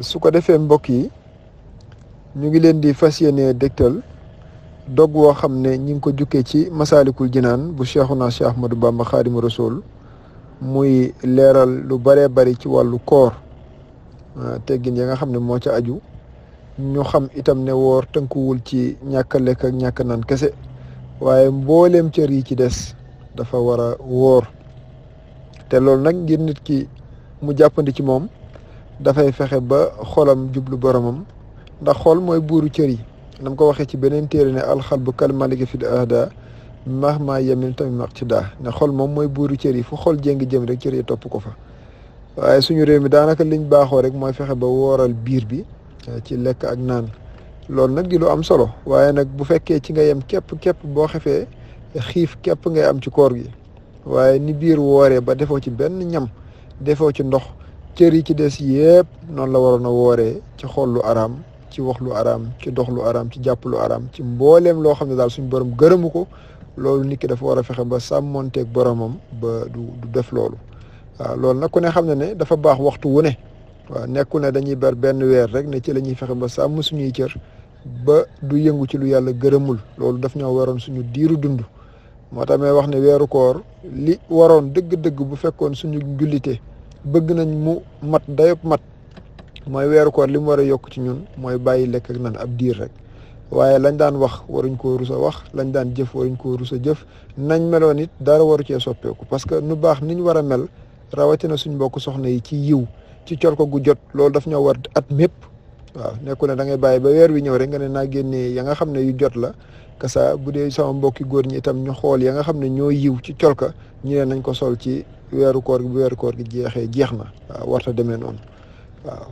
su ko defee mbokk yi ñu ngi leen di fas yéene dégtal dog woo xam ne ñi ngi ko jukkee ci masaalikul naan bu cheikhuna cheikh ahmadou bamba xaadimu rasul muy leeral lu bëree bari ci wàllu koor ah, teggin yi nga xam ne moo ca aju ñu xam itam ne woor tënkuwul ci ñàkk a lekk ñàkk naan kese waaye mbooleem cër yi ci des dafa war a wóor te loolu nag ngir nit ki mu jàppandi ci moom dafay fexe ba xolam jublu boromam ndax xol mooy buuru cër yi nam ko waxee ci beneen téere ne alxal bu alxalbu kalmaliki fil ahda mahma yamin tamit maq ci daa ne xol moom mooy buuru cër yi fu xol jéngi jëm rek cër yi topp ko fa waaye suñu réew mi daanaka liñ baaxoo rek mooy fexe ba wooral biir bi eh, ci lekk ak naan loolu nag di lu am solo waaye nag bu fekkee ci nga yem képp képp boo xefee xiif képp ngay am ci koor gi waaye ni biir wooree ba defoo ci benn ñam defoo ci ndox cër yi ci des yëpp noonu la waroon a wooree ci xool lu araam ci wax lu araam ci dox lu araam ci jàpp lu araam ci mbooleem loo xam ne daal suñu borom gërëmu ko loolu nit ki dafa war a fexe ba sàmmonteeg boromam ba du du def loolu loolu nag ku ne xam ne ne dafa baax waxtu wu ne waaw nekku ne dañuy bar benn weer rek ne ci la ñuy fexe ba sàmm suñuy cër ba du yëngu ci lu yàlla gërëmul loolu daf ñoo waroon suñu diiru dund moo tax may wax ne weeru koor li waroon dëgg-dëgg bu fekkoon suñu jullite bëgg nañ mu mat dayop mat mooy weeru koor li mu war a yokk ci ñun mooy bàyyi lekk ak nan ab diir rek waaye lañ daan wax waruñ koo rusa wax lañ daan jëf waruñ koo rusa jëf nañ meloon it dara waru cee soppeeku parce que nu baax niñ war a mel rawatina suñ mbokk soxna yi ci yiw ci col gu jot loolu daf ñoo war at mépp waaw nekku ne da ngay bàyyi ba weer wi ñëw rek nga ne naa génnee ya nga xam ne yu jot la kasa bu dee sama mbokki góor ñi itam ñu xool ya nga xam ne ñoo yiw ci col ka ñu ne nañ ko sol ci weeru koor gi bu weeru koor gi jeexee jeex na waaw warta demee noonu waaw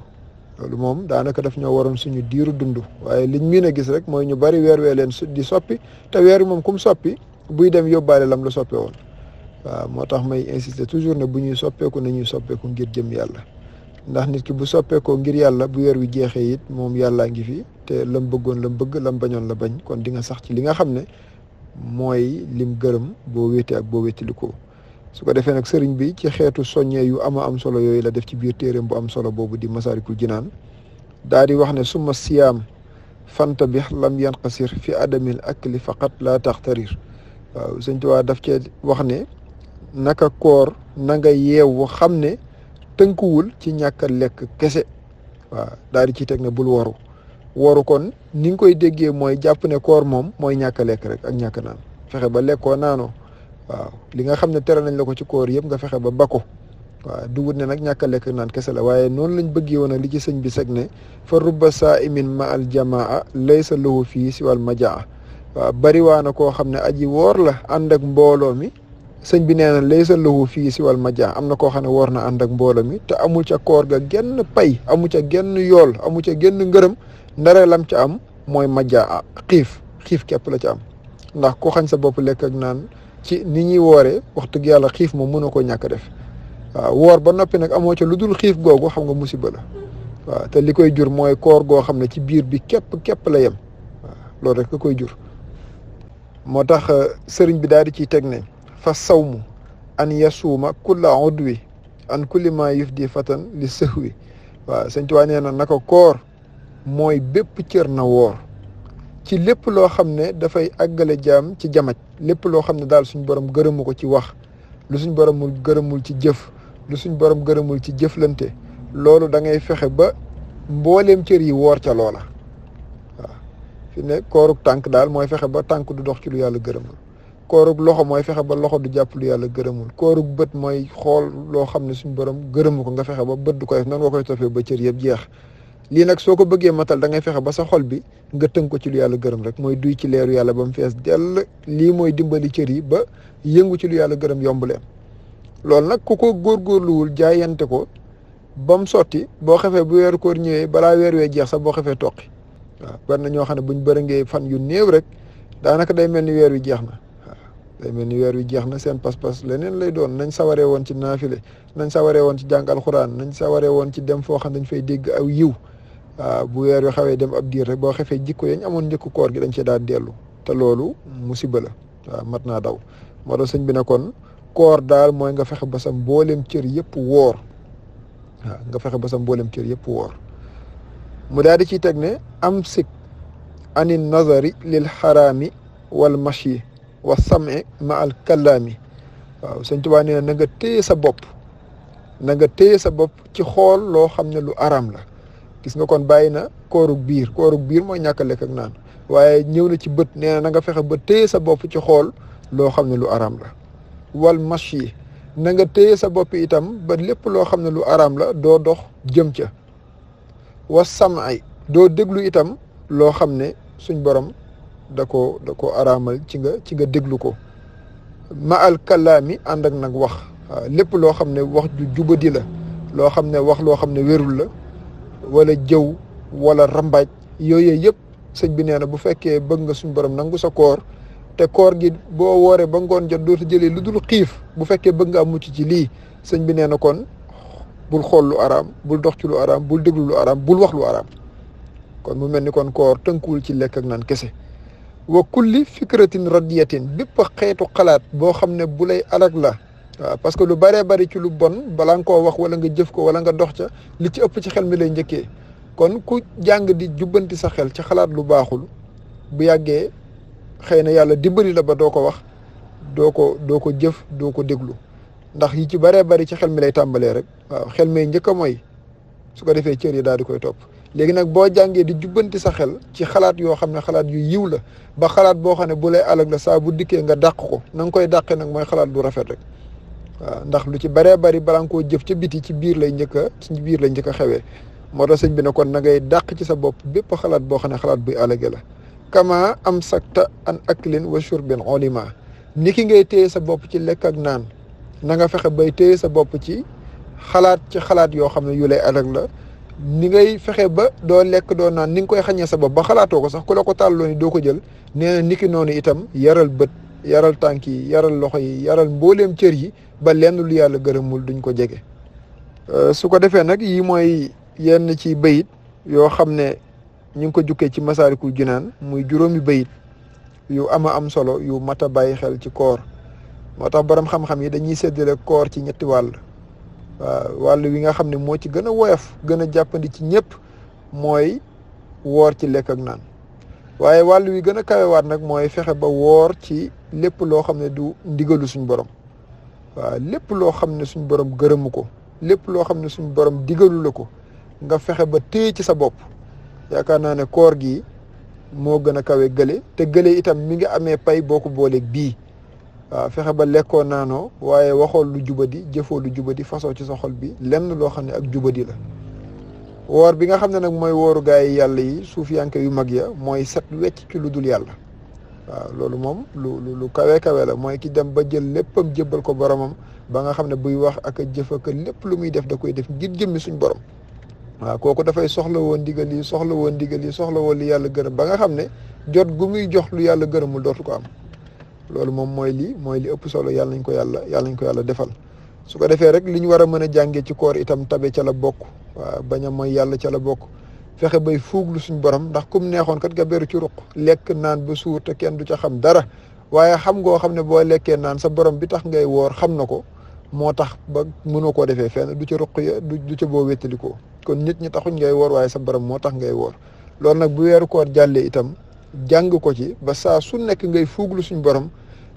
loolu moom daanaka daf ñoo waroon suñu diiru dund waaye liñ miin a gis rek mooy ñu bari weer wee leen di soppi te weer moom kum soppi buy dem yóbbaale lam la soppee woon waaw moo tax may insisté toujours ne bu ñuy soppeeku nañuy soppeeku ngir jëm yàlla ndax nit ki bu soppeekoo ngir yàlla bu weer wi jeexee it moom yàllaa ngi fi te lam bëggoon lam bëgg lam bañoon la bañ kon di nga sax ci li nga xam ne mooy lim gërëm boo wéete ak boo wéetili ko su ko defee nag sëriñ bi ci xeetu soññee yu ama am solo yooyu la def ci biir téeréem bu am solo boobu di masarikul jinaan daa di wax ne summa siyaam fanta bi lam yanqasir fi adamil akli faqat la taxtarir waaw sëñ Tuubaa daf cee wax ne naka koor na nga yeewu xam ne tënkuwul ci ñàkk lekk kese waaw daal di ci teg bul waru waru kon ni koy déggee mooy jàpp ne koor moom mooy ñàkk lekk rek ak ñàkk naan fexe ba lekkoo naanoo waaw li nga xam ne tere nañ la ko ci koor yëpp nga fexe ba bako waaw dugut ne nag ñàkk a naan kese la waaye noonu lañ bëggee woon li ci sëñ bi seg ne fa rubba saa imin ma al jamaa laysa lahu fii si wal majaa waaw bari waa na koo xam ne aji woor la ànd ak mbooloo mi sëñ bi nee na laysa fii si wal majaa am na koo xam ne woor na ànd ak mbooloo mi te amul ca koor ga genn pay amu ca genn yool amu ca genn ngërëm ndare lam ca am mooy majaa xiif xiif képp la ca am ndax ku xañ sa bopp lekk ak naan ci ni ñuy woore wax dëgg yàlla xiif moom mënoo koo ñàkk def waaw woor ba noppi nag amoo ca lu dul xiif googu xam nga musiba la waaw te li koy jur mooy koor goo xam ne ci biir bi képp képp la yem waaw loolu rek la koy jur. moo tax euh, sëriñ bi daal di ciy teg ne fa sawmu an yasuuma kulla udwi an kulli ma yufdi fatan li sëhwi waaw sëñ Tuubaa nee na naka koor mooy bépp cër na woor. ci lépp loo xam ne dafay àggale jaam ci jamaj lépp loo xam ne daal suñ borom gërëmu ko ci wax lu suñ boromul gërëmul ci jëf lu suñ borom gërëmul ci jëflante loolu da ngay fexe ba mbooleem cër yi woor ca loola waaw ne kooruk tànk daal mooy fexe ba tànk du dox ci lu yàlla gërëmul kooruk loxo mooy fexe ba loxo du jàpp yàlla gërëmul kooruk bët mooy xool loo xam ne suñ borom gërëmu ko nga fexe ba bët du ko def noonu koy toppee ba cër yëpp jeex lii nag soo ko bëggee matal da ngay fexe ba sa xol bi nga tënk ko ci lu yàlla gërëm rek mooy duy ci leeru yàlla ba mu fees dell lii mooy dimbali cër yi ba yëngu ci lu yàlla gërëm yomb leen loolu nag ku ko góorgóorluwul jaayante ko ba mu sotti boo xefee bu weeru koor ñëwee balaa weer wee jeex sax boo xefee toqi waaw bari na ñoo xam ne buñ bërëngee fan yu néew rek daanaka day mel ni weer wi jeex na waaw day mel ni weer wi jeex na seen pas-pas leneen lay doon nañ sawaree woon ci naafile nañ sawaree woon ci jàngal xuraan nañ sawaree woon ci dem foo xam dañ fay dégg aw yiw Ah, bu weer wi xawee dem ab diir rek boo xefee jikko yañ amoon njëkku koor gi dañ cee daan dellu te loolu mu sibala waaw ah, mat naa daw moo tax sëñ bi ne kon koor daal mooy nga fexe ba sa mboolem cër yépp woor ah, nga fexe ba sa mboolem cër yëpp mu daal di ciy teg ne am sik ani nazari lil xaraami wal mashi wa same ma al kallaami waaw sëñ Tuubaa nee na téye sa bopp na nga téye sa bopp ci xool loo xam ne lu araam la gis nga kon bàyyi na koorug biir koorug biir mooy ñàkk lekk ak naan waaye ñëw na ci bët nee na nga fexe ba téye sa bopp ci xool loo xam ne lu araam la wal mash yi na nga téye sa bopp itam ba lépp loo xam ne lu araam la doo dox jëm ca wa ay doo déglu itam loo xam ne suñ borom da ko da ko araamal ci nga ci nga déglu ko ma al kalaami ànd ak nag wax lépp loo xam ne wax ju jubadi la loo xam ne wax loo xam ne wérul la wala jëw wala rambaaj yooyu yëpp sëñ bi nee na bu fekkee bëgg nga suñ borom nangu sa koor te koor gi boo wooree ba ngoon jot dootu jëlee lu dul xiif bu fekkee bëgg nga am mucc ci lii sëñ bi nee na kon bul xool lu araam bul dox ci lu araam bul déglu lu araam bul wax lu araam kon mu mel ni kon koor tënkuwul ci lekk ak naan kese wa kulli fikratin radiyatin bépp xeetu xalaat boo xam ne bu lay alag la waaw parce que lu bëree bëri ci lu bon balaa nga koo wax wala nga jëf ko wala nga dox ca li ci ëpp ci xel mi lay njëkkee kon ku jàng di jubbanti sa xel ci xalaat lu baaxul bu yàggee xëy na yàlla dimbali la ba doo ko wax doo ko doo ko jëf doo ko déglu ndax yi ci bëree bëri ci xel mi lay tàmbalee rek waaw xel njëkk mooy su ko defee cër yi daal di koy topp léegi nag boo jàngee di jubbanti sa xel ci xalaat yoo xam ne xalaat yu yiw la ba xalaat boo xam ne bu lay alag la saa bu dikkee nga dàq ko na nga koy dàqee nag mooy xalaat du rafet rek waaw ndax lu ci bëree bari balaa nga koo jëf ca biti ci biir lay njëkk a ci biir lay njëkk a xewee moo tax sëñ bi ne kon na ngay dàq ci sa bopp bépp xalaat boo xam ne xalaat buy alage la kama am sakta an aklin wa shurbin olima ni ki ngay téye sa bopp ci lekk ak naan na nga fexe bay téye sa bopp ci xalaat ci xalaat yoo xam ne yu lay alag la ni ngay fexe ba doo lekk doo naan ni nga koy xañee sa bopp ba xalaatoo ko sax ku la ko tàlloo ni doo ko jël nee na ki noonu itam yaral bët yaral tànk yi yaral loxo yi yaral mbooleem cër yi ba lenn lu yàlla gërëmul duñ ko jege. Euh, su ko defee nag yi mooy yenn ci bayit yoo xam ne ñu ngi ko jukkee ci masaalikul jinaan muy juróomi bayit yu ama am solo yu mat a bàyyi xel ci koor moo tax borom xam-xam yi dañuy séddale koor ci ñetti wàll. waaw wàll wi nga xam ne moo ci gën a woyof gën a jàppandi ci ñëpp mooy woor ci lekk ak naan waaye wàll wi gën kawewaat nag mooy fexe ba woor ci lépp loo xam ne du ndigalu suñ borom waaw lépp loo xam ne suñ borom gërëmu ko lépp loo xam ne suñ borom digalu la ko nga fexe ba téye ci sa bopp yaakaar naa ne koor gi moo gën a kawe gële te gële itam mi ngi amee pay boo ko booleeg bii waaw fexe ba lekkoo naanoo waaye waxoo lu di jëfoo lu jubadi fasoo ci sa xol bi lenn loo xam ne ak jubadi la woor bi nga xam ne nag mooy wooru gaay yi yàlla yi suufiyanke yu mag ya mooy set wecc ci lu dul yàlla waaw loolu moom lu lu lu kawe kawe la mooy ki dem ba jël léppam jébbal ko boromam ba nga xam ne buy wax ak a jëf ak lépp lu muy def da koy def ngir jëmmi suñ borom waaw kooku dafay soxla woon ndigal yi soxla woon ndigal yi soxla woon li yàlla gërëm ba nga xam ne jot gu muy jox lu yàlla mu dootu ko am loolu moom mooy lii mooy li ëpp solo yàlla nañ ko yàlla yàlla nañ ko yàlla defal su ko defee rek li ñu war a mën a jàngee ci koor itam tabe ca la bokk waaw bañ a mooy yàlla ca la bokk fexe bay fuuglu suñu borom ndax kum neexoon kat nga beru ci ruq lekk naan ba suur te kenn du ca xam dara waaye xam ngoo xam ne boo lekkee naan sa borom bi tax ngay woor xam na ko moo tax ba mënoo koo defee fenn du ca ruq ya du ca boo wéttalikoo kon nit ñi taxuñ ngay woor waaye sa borom moo tax ngay woor loolu nag bu weeru koor jàllee itam jàng ko ci ba saa su nekk ngay fuuglu suñu borom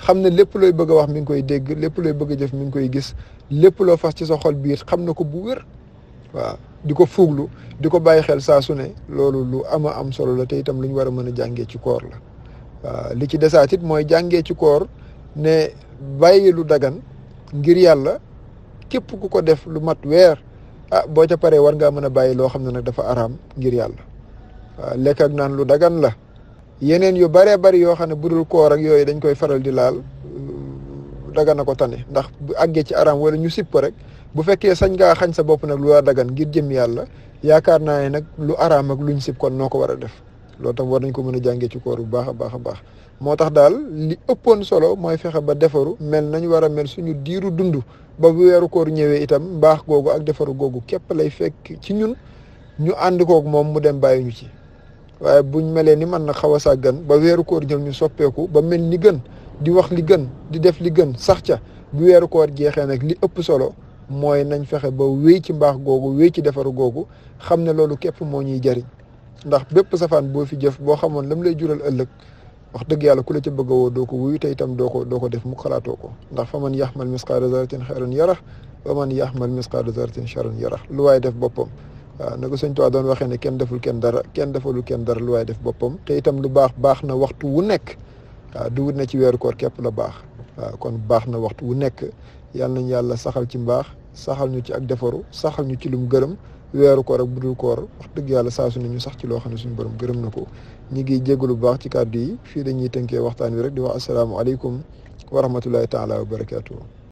xam ne lépp looy bëgg a wax mi ngi koy dégg lépp looy bëgg a jëf mu ngi koy gis lépp loo fas ci sa xol biir xam na ko bu wér waaw Diko fuglu diko baye xel sa su ne lu ama am solo la te itam luñu wara mëna jangé ci koor la li ci ci koor ne bayi lu dagan ngir yalla képp ku ko def lu mat weer ah bo ca paré war nga mëna baye lo nak dafa aram ngir yalla waaw lekk ak nan lu dagan la yenen yu bare bari yo xam ne koor ak yoy dañ koy faral di laal dagan na ko tane ndax bu àggee ci aram wala ñu sipp rek bu fekke sañ nga xañ sa bop nak lu war dagan ngir jëm yalla yaakar naa ne nag lu aram ak luñ sip kon noko wara def loolu tam war nañ ko mëna a ci koor bu baaxa baaxa baax motax dal li ëppoon solo moy fexé ba defaru mel nañ wara mel suñu diiru dundu ba bu wéru koor ñëwé itam baax gogu ak defaru gogu képp lay fekk ci ñun ñu ko ak mom mu dem bayu ñu ci waye buñ melé ni man na xawa sa gën ba wéru koor ñëw ñu soppeeku ba mel ni gën di wax li gën di def li gën sax ca bu wéru koor jéxé nak li ëpp solo mooy nañ fexe ba wéy ci mbaax googu wéy ci defaru googu xam ne loolu képp moo ñuy jariñ ndax bépp safaan boo fi jëf boo xamoon lam lay jural ëllëg wax dëgg yàlla ku la ca bëgg a woo doo ko wuyu te itam doo ko doo def mu xalaatoo ko ndax fa man yaxmal misqaala zarratin xayran yara wa man yaxmal misqaala zarratin charran yara lu waaye def boppam na ko sëñ Tuubaa doon waxee ne kenn deful kenn dara kenn defalul kenn dara lu waaye def boppam te itam lu baax baax na waxtu wu nekk waaw du na ci weeru koor képp la baax waaw kon baax na waxtu wu nekk yàlla nañ yàlla saxal ci mbaax saxal ñu ci ak defaru saxal ñu ci lu mu gërëm weeru koor ak budul koor wax dëgg yàlla saasu ñu sax ci loo xam ne suñu borom gërëm na ko ñi ngi jéggalu bu baax ci kàddu yi fii dañuy tënkee waxtaan wi rek di wax asalaamualeykum wa rahmatullahi taala wa barakaatu.